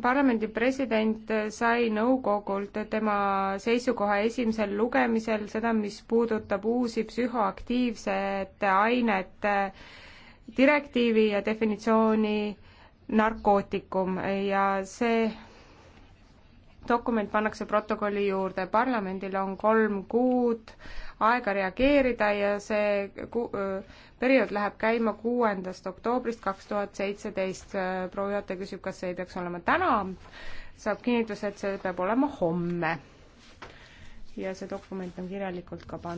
parlamendi president sai nõukogult tema seisukoha esimesel lugemisel seda, mis puudutab uusi psühhoaktiivsete ainete direktiivi ja definitsiooni narkootikum ja see dokument pannakse protokolli juurde. parlamendil on kolm kuud aega reageerida ja see ku-, periood läheb käima kuuendast oktoobrist kaks tuhat seitseteist. proua juhataja küsib, kas see ei peaks olema täna, saab kinnituse, et see peab olema homme. ja see dokument on kirjalikult ka pandud.